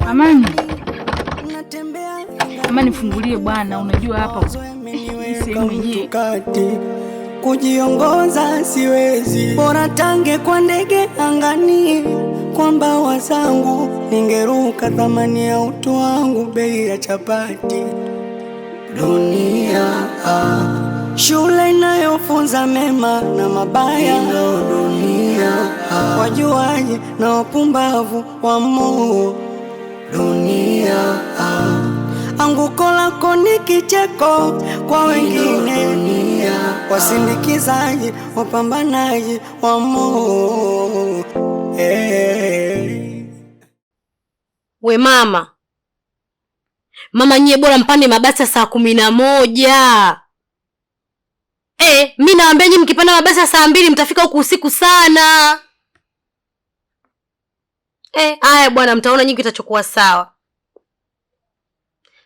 Amani, Amani, fungulie bwana, unajua hapa kujiongoza siwezi, bora tange kwa ndege angani, kwamba wazangu ningeruka, thamani ya utu wangu bei ya chapati. Dunia ah. shule inayofunza mema na mabaya, dunia ah. wajuaji na wapumbavu wa moo dunia. Anguko lako ni kicheko kwa wengine, wasindikizaji, wapambanaji wa Mungu. Eh. We mama, mama nyie bora mpande mabasi ya saa kumi na moja. Hey, eh, mi nawambia nyie mkipanda mabasi ya saa mbili mtafika huku usiku sana. Eh, haya bwana, mtaona nyinyi kitachokuwa sawa.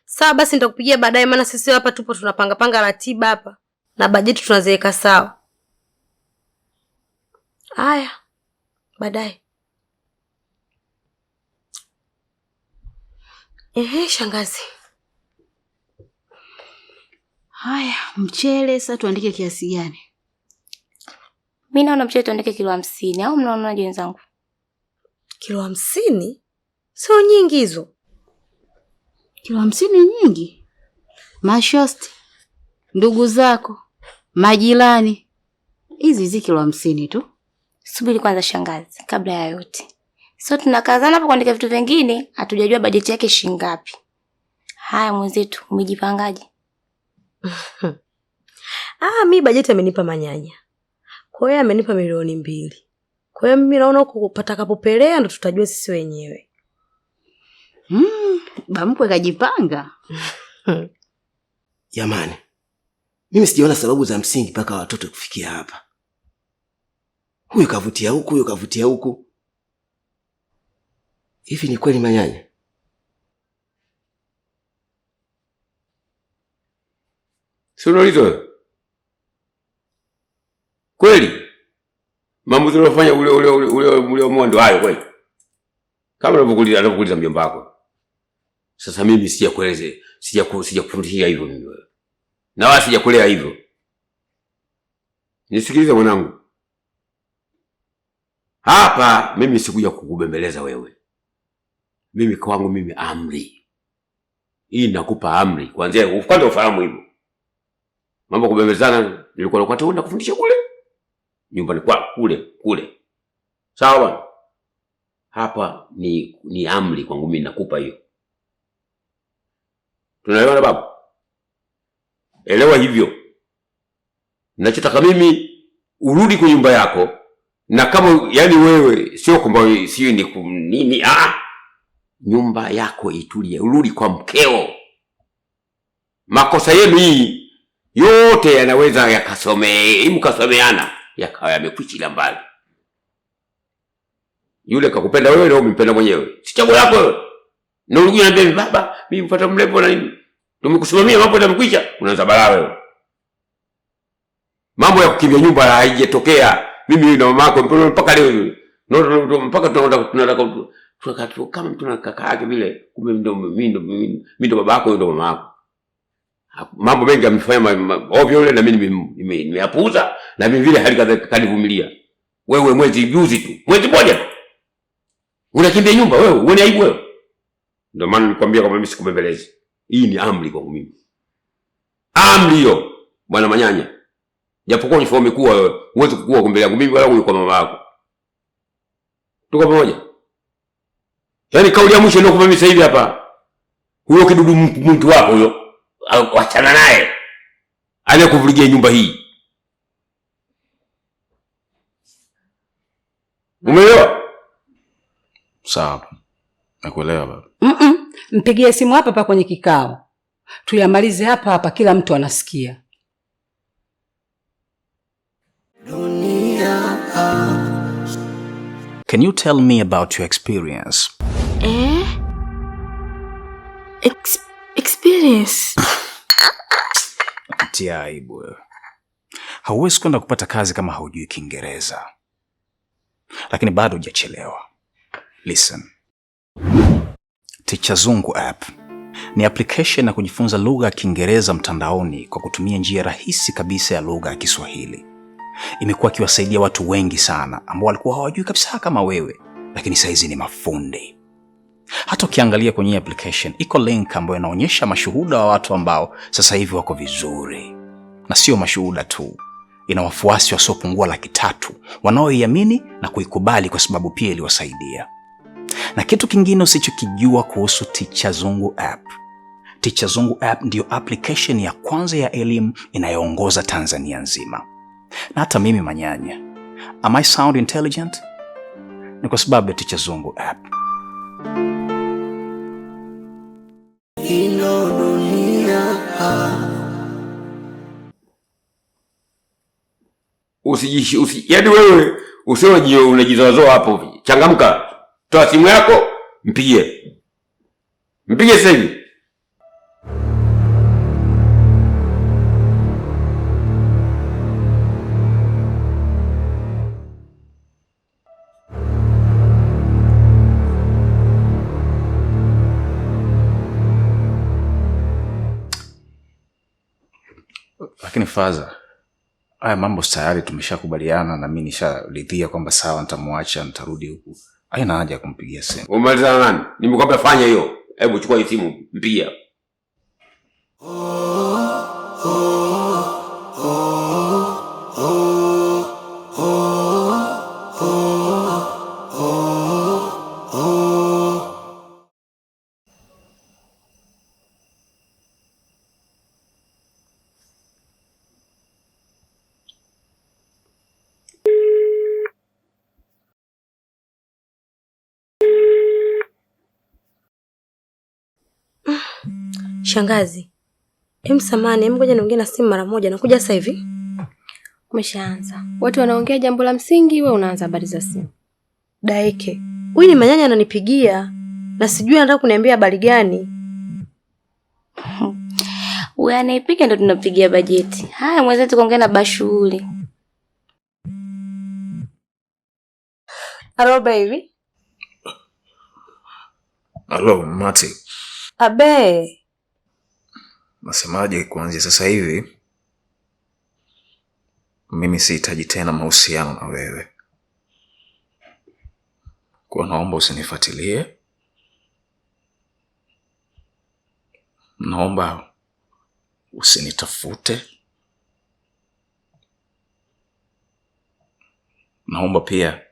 Sawa basi nitakupigia baadaye, maana sisi hapa tupo tunapanga panga ratiba hapa na bajeti tunaziweka sawa. Haya, baadaye. Ehe, shangazi. Haya, mchele sasa tuandike kiasi gani? Mimi naona mchele tuandike kilo hamsini au mnaonaje wenzangu? Kilo hamsini sio nyingi hizo. Kilo hamsini nyingi? Mashosti, ndugu zako, majirani, hizi hizi kilo hamsini tu. Subiri kwanza shangazi, kabla ya yote, so tunakazana hapa kuandika vitu vingine, hatujajua bajeti yake shingapi Haya mwenzetu, umejipangaje? Ah, mi bajeti amenipa manyanya, kwa hiyo amenipa milioni mbili kwa hiyo mimi naona huko patakapopelea ndo tutajua sisi wenyewe. Mm, bamkwe kajipanga. Jamani, mimi sijaona sababu za msingi mpaka watoto kufikia hapa. Huyu kavutia huku, huyu kavutia huku. Hivi ni kweli manyanya? Si kweli? Maamuzi uliofanya ule ule ule ule ule ndio hayo kweli. Kama unavyokuuliza anavyokuuliza mjomba wako. Sasa mimi sijakueleze, sija sijakufundisha hivyo mimi wewe. Na wala sijakulea hivyo. Nisikilize mwanangu. Hapa mimi sikuja kukubembeleza wewe. Mimi kwangu mimi amri. Hii nakupa amri. Kwanza kwanza ufahamu hivyo. Mambo kubembelezana nilikuwa nakwenda kufundisha kule nyumbani kwa kule kule. Sawa, hapa ni ni amri kwangu mimi, nakupa hiyo. Tunaelewana babu? Elewa hivyo. Ninachotaka mimi urudi kwa nyumba yako, na kama yani wewe sio kwamba sio ni nini, ah, nyumba yako itulie, urudi kwa mkeo. Makosa yenu hii yote yanaweza yakasome, mkasomeana yakawa yamekwishila mbali. Yule kakupenda wewe na umempenda mwenyewe, si chaguo lako wewe. Na ulikuja niambia mimi baba, mimi mfuata mlepo na nini? Tumekusimamia mambo yamekwisha. unaanza balaa wewe. Mambo ya kukimbia nyumba haijatokea. Mimi na mama yako mpaka leo yule. Ndio mpaka tunaenda tunaenda tunataka kama mtu na kaka yake vile, kumbe ndio mimi ndio mimi ndio baba yako ndio mama yako mambo mengi amefanya ovyo yule, na mimi nimeyapuuza, na mimi vile hali kadhalika kanivumilia. Wewe mwezi juzi tu, mwezi mmoja tu unakimbia nyumba wewe, uone aibu wewe. Ndio maana nikwambia kwamba mimi sikubembelezi. Hii ni amri kwa mimi, amri hiyo bwana Manyanya, japokuwa ni fomi umekuwa wewe, uweze kukua mbele yangu mimi wala huyu kwa mama yako. Tuko pamoja? Yaani kauli ya mwisho ndio kwa mimi sasa hivi hapa, huyo kidudu mtu wako huyo wachana naye, anayekuvurugia nyumba hii. Umeelewa? Sawa, nakuelewa baba. mm -mm. Mpigie simu hapa hapa kwenye kikao, tuyamalize hapa hapa, kila mtu anasikia. Dunia. Can you tell me about your experience? Eh? Ex experience? Tia aibu wewe. Hauwezi kwenda kupata kazi kama haujui Kiingereza, lakini bado hujachelewa. Listen, Ticha Zungu app ni application ya kujifunza lugha ya Kiingereza mtandaoni kwa kutumia njia rahisi kabisa ya lugha ya Kiswahili. Imekuwa ikiwasaidia watu wengi sana ambao walikuwa hawajui kabisa kama wewe, lakini saizi ni mafundi. Hata ukiangalia kwenye application iko link ambayo inaonyesha mashuhuda wa watu ambao sasa hivi wako vizuri, na sio mashuhuda tu, ina wafuasi wasiopungua laki tatu wanaoiamini na kuikubali kwa sababu pia iliwasaidia. Na kitu kingine usichokijua kuhusu Ticha Zungu app, Ticha Zungu app ndiyo application ya kwanza ya elimu inayoongoza Tanzania nzima. Na hata mimi manyanya, am I sound intelligent? Ni kwa sababu ya Ticha Zungu app. usijishi usi, yaani wewe usiwe unajizoazoa hapo hivi. Changamka. Toa simu yako, mpigie. Mpige sasa Lakini faza haya mambo tayari tumeshakubaliana, na mimi nisharidhia kwamba sawa, nitamwacha nitarudi huku, haina haja ya kumpigia simu. Umemalizana nani? Nimekwambia fanya hiyo. Hebu chukua hii simu, oh. oh. Shangazi, em, samani, em, ngoja niongee na simu mara moja, nakuja sasa hivi. Umeshaanza, watu wanaongea jambo la msingi, wewe unaanza habari za simu. Daeke huyu ni manyanya ananipigia na sijui anataka kuniambia habari gani. Wewe anaipiga ndo tunapigia bajeti. Haya, mwenzetu kaongea na Bashuli. Hello baby. Hello Mati. Abe, nasemaje, kuanzia sasa hivi mimi sihitaji tena mahusiano na wewe, kwa naomba usinifuatilie, naomba usinitafute, naomba pia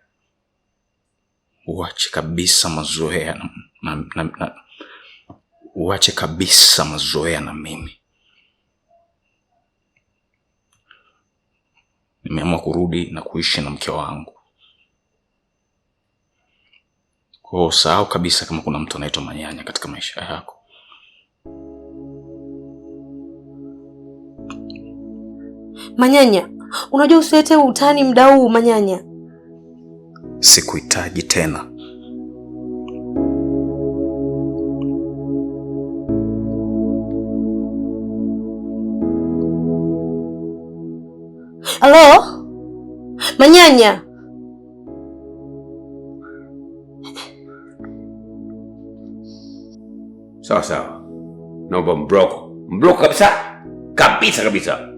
uache kabisa mazoea na, na, na, na uache kabisa mazoea na mimi. Nimeamua kurudi na kuishi na mke wangu. Kwa sahau kabisa kama kuna mtu anaitwa Manyanya katika maisha yako. Manyanya, unajua usilete utani mdau. Manyanya, sikuhitaji tena. Saya, Sao sao? No, bang, broke. Broke kabisa. Kabisa kabisa.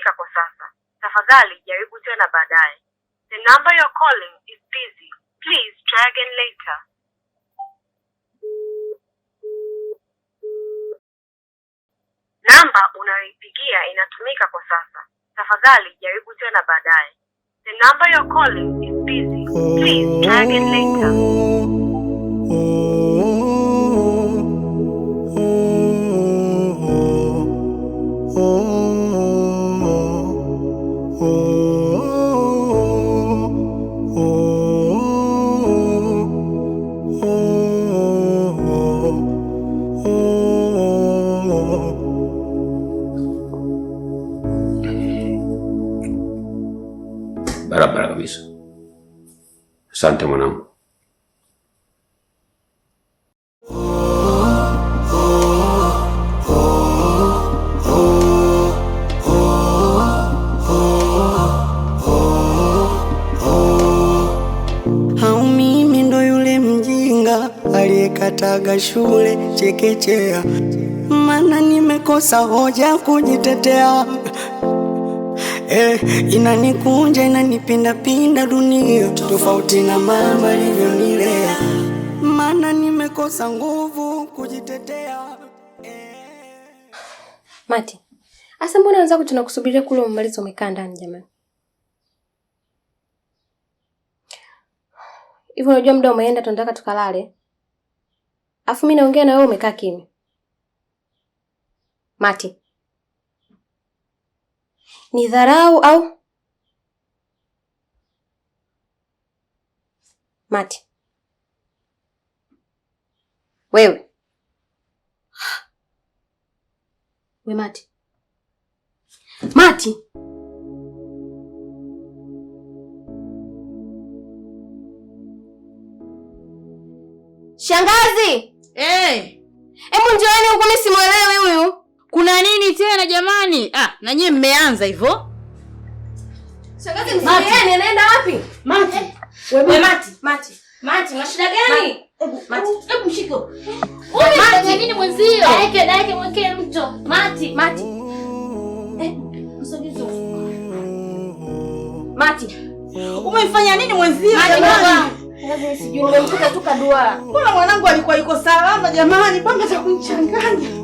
kufanyika kwa sasa. Tafadhali jaribu tena baadaye. The number you're calling is busy. Please try again later. Namba unayoipigia inatumika kwa sasa. Tafadhali jaribu tena baadaye. The number you're calling is busy. Please try again later. Asante mwanangu. Kataga shule chekechea, mana nimekosa hoja kujitetea eh, inanikunja inanipindapinda dunia, tofauti na mama alivyonilea, maana nimekosa nguvu kujitetea eh. Mati, asa mbona wenzako tunakusubiria kule umalizo, umekaa ndani jamani? Hivyo unajua muda umeenda, tunataka tukalale, afu mi naongea na wewe umekaa kimya. Mati ni dharau au Mati? Wewe we Mati, Mati, shangazi, hey. Eh! Hebu njooni huku, mimi simuelewi huyu kuna nini tena jamani? Ah, na nyie mmeanza hivyo. Shangazi msieni anaenda wapi? Mati. Wewe eh, Mati, Mati. Mati, una shida gani? Mati, hebu mshike. Wewe unafanya nini mwenzio? Daike, daike mweke mto. Mati, Mati. Eh, msogeze. Mati. Umefanya nini mwenzio? Mati, Mati. Sijui nimemkuta tu kadua. Kuna mwanangu alikuwa yuko salama jamani, panga cha kumchanganya.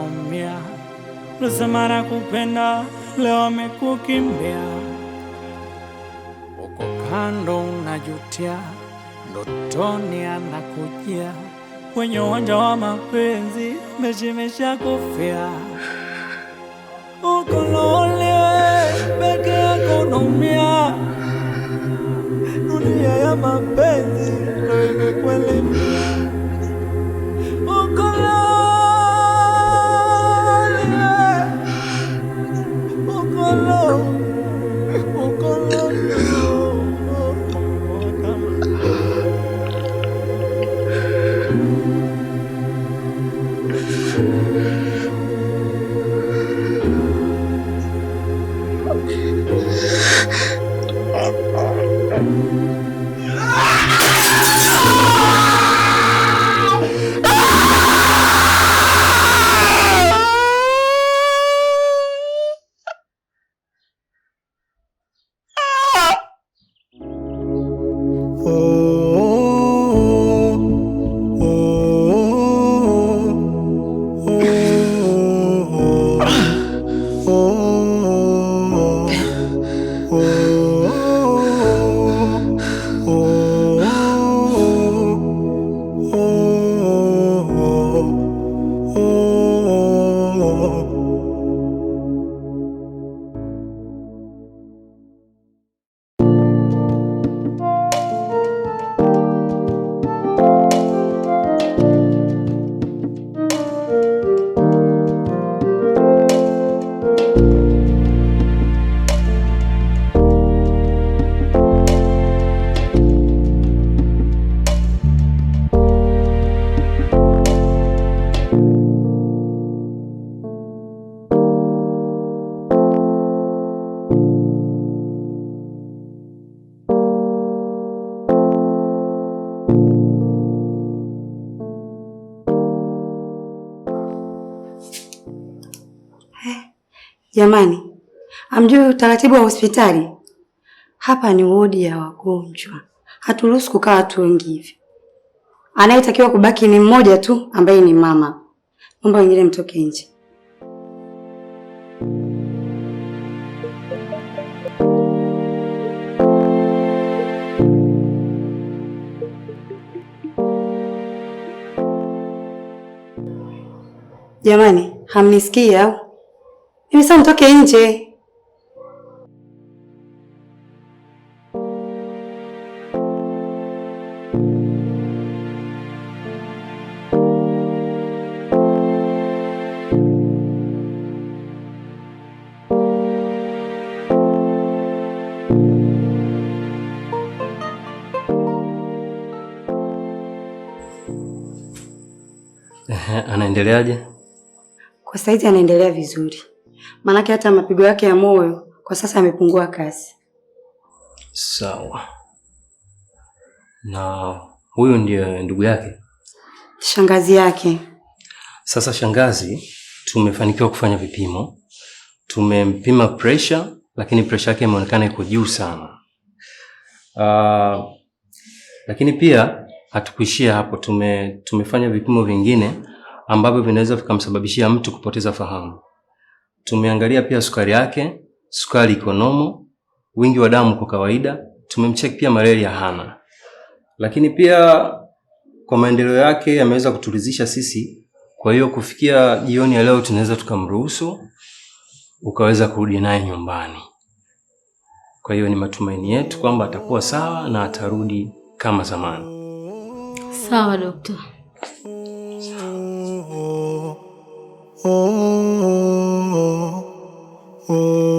naumia, lusema nakupenda, leo amekukimbia, uko kando unajutia, ndotoni anakujia, kwenye uwanja wa mapenzi mechi kufia. uko lonely peke yako, naumia, dunia ya mapenzi Uko imekulemea. Jamani, amjui utaratibu wa hospitali hapa ni wodi ya wagonjwa, haturuhusu kukaa watu wengi hivi. Anayetakiwa kubaki ni mmoja tu ambaye ni mama. Mambo wengine mtoke nje. Jamani, hamnisikii au? Hivi sasa nje. Anaendeleaje? Kwa saizi anaendelea vizuri maanake hata mapigo yake ya moyo kwa sasa yamepungua kasi. Sawa. Na huyu ndiye ndugu yake, shangazi yake. Sasa shangazi, tumefanikiwa kufanya vipimo, tumempima pressure, lakini pressure yake imeonekana iko juu sana. Uh, lakini pia hatukuishia hapo, tume, tumefanya vipimo vingine ambavyo vinaweza vikamsababishia mtu kupoteza fahamu. Tumeangalia pia sukari yake, sukari iko nomo, wingi wa damu kwa kawaida. Tumemcheck pia malaria hana, lakini pia kwa maendeleo yake yameweza kutulizisha sisi. Kwa hiyo kufikia jioni ya leo tunaweza tukamruhusu ukaweza kurudi naye nyumbani. Kwa hiyo ni matumaini yetu kwamba atakuwa sawa na atarudi kama zamani. Sawa, dokta. Oh, oh, oh. Oh.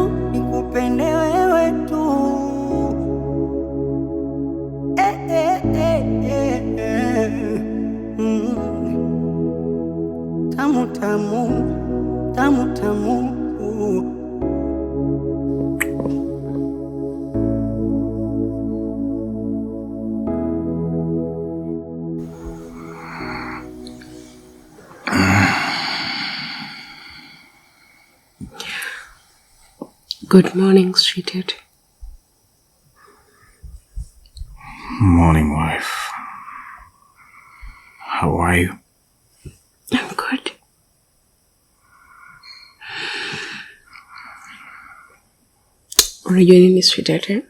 yangu nikupende wewe tu eh, eh, eh, eh, eh. Mm. Tamu tamu tamu tamu uh. Good morning, sweetheart. Morning, wife. How are you? I'm good. Unajua nini sweetheart eh?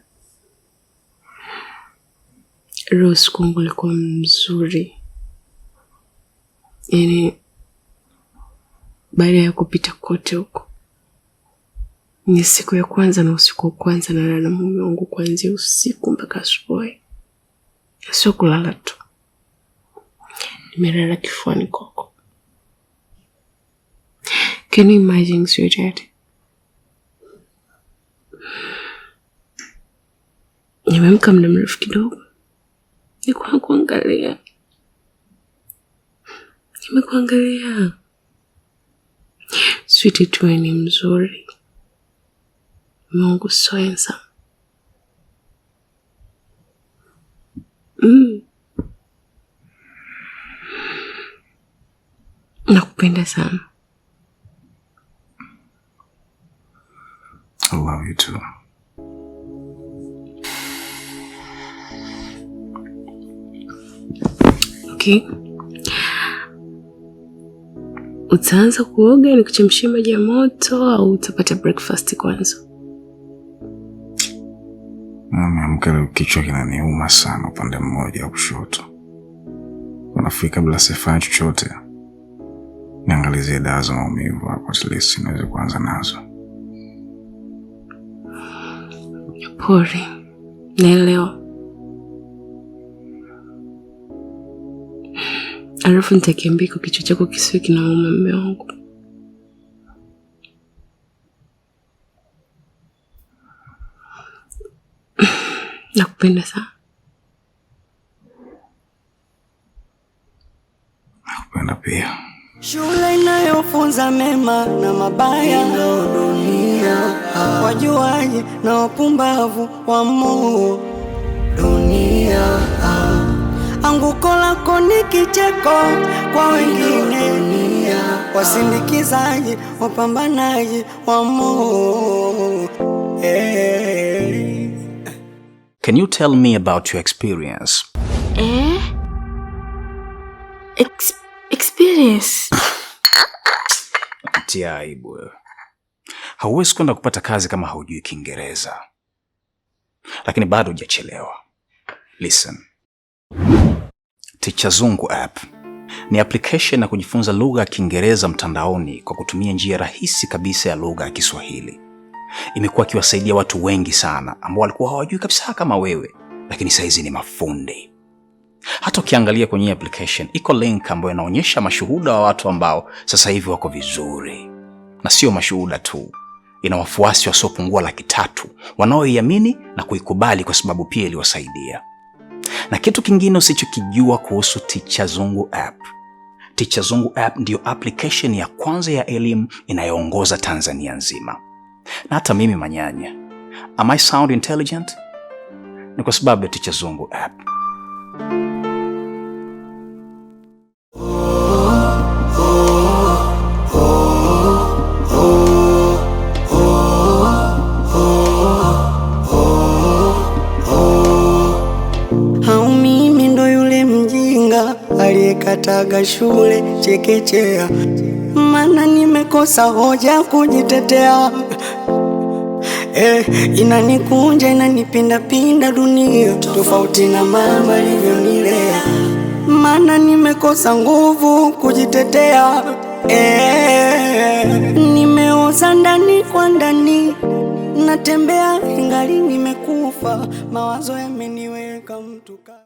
Rose usiku wangu ulikuwa mzuri, yaani baada ya kupita kote huko ni siku ya kwanza na usiku wa kwanza nalala na mume wangu kuanzia usiku mpaka asubuhi. Sio kulala tu, nimelala kifuani kwako. Can you imagine, sweetheart? Nimemka muda mrefu kidogo, nilikuwa kuangalia, nimekuangalia. Sweetie, tuwe ni mzuri Mungu Soensa. Mm. Nakupenda sana. I love you too. Okay. Utaanza kuoga kuchemshia maji ya moto au utapata breakfast kwanza? Ameamka leo, kichwa kinaniuma sana upande mmoja wa kushoto. Unafika bila sifaa chochote, niangalizie dawa za maumivu hapo, at least niweze kuanza nazo. Pole, naelewa. Alafu nitakiambia kichwa chako kisiwe kinauma, mume wangu. Nakupenda sana. Nakupenda pia. Shule inayofunza mema na mabaya dunia. Wajuaji na wapumbavu wamo dunia. Anguko lako ni kicheko kwa wengine dunia. Wasindikizaji, wapambanaji wamo eh. Can you tell me about your experience? Eh? Ex experience? Tia aibu wewe. Hauwezi kwenda kupata kazi kama haujui Kiingereza, lakini bado hujachelewa. Listen. Ticha Zungu app ni application ya kujifunza lugha ya Kiingereza mtandaoni kwa kutumia njia rahisi kabisa ya lugha ya Kiswahili imekuwa ikiwasaidia watu wengi sana ambao walikuwa hawajui kabisa kama wewe, lakini sahizi ni mafundi. Hata ukiangalia kwenye application iko link ambayo inaonyesha mashuhuda wa watu ambao sasa hivi wako vizuri, na sio mashuhuda tu, ina wafuasi wasiopungua laki tatu wanaoiamini na kuikubali kwa sababu pia iliwasaidia. Na kitu kingine usichokijua kuhusu Ticha Zungu app Ticha Zungu app ndiyo application ya kwanza ya elimu inayoongoza Tanzania nzima na hata mimi manyanya. Am I sound intelligent? Ni kwa sababu ya Ticha Zungu app. Kataga shule chekechea, mana nimekosa hoja kujitetea eh, inanikunja inanipindapinda dunia, tofauti na mama alivyonilea, mana nimekosa nguvu kujitetea nimeosa eh, nimeoza ndani kwa ndani, natembea ingali nimekufa mawazo ya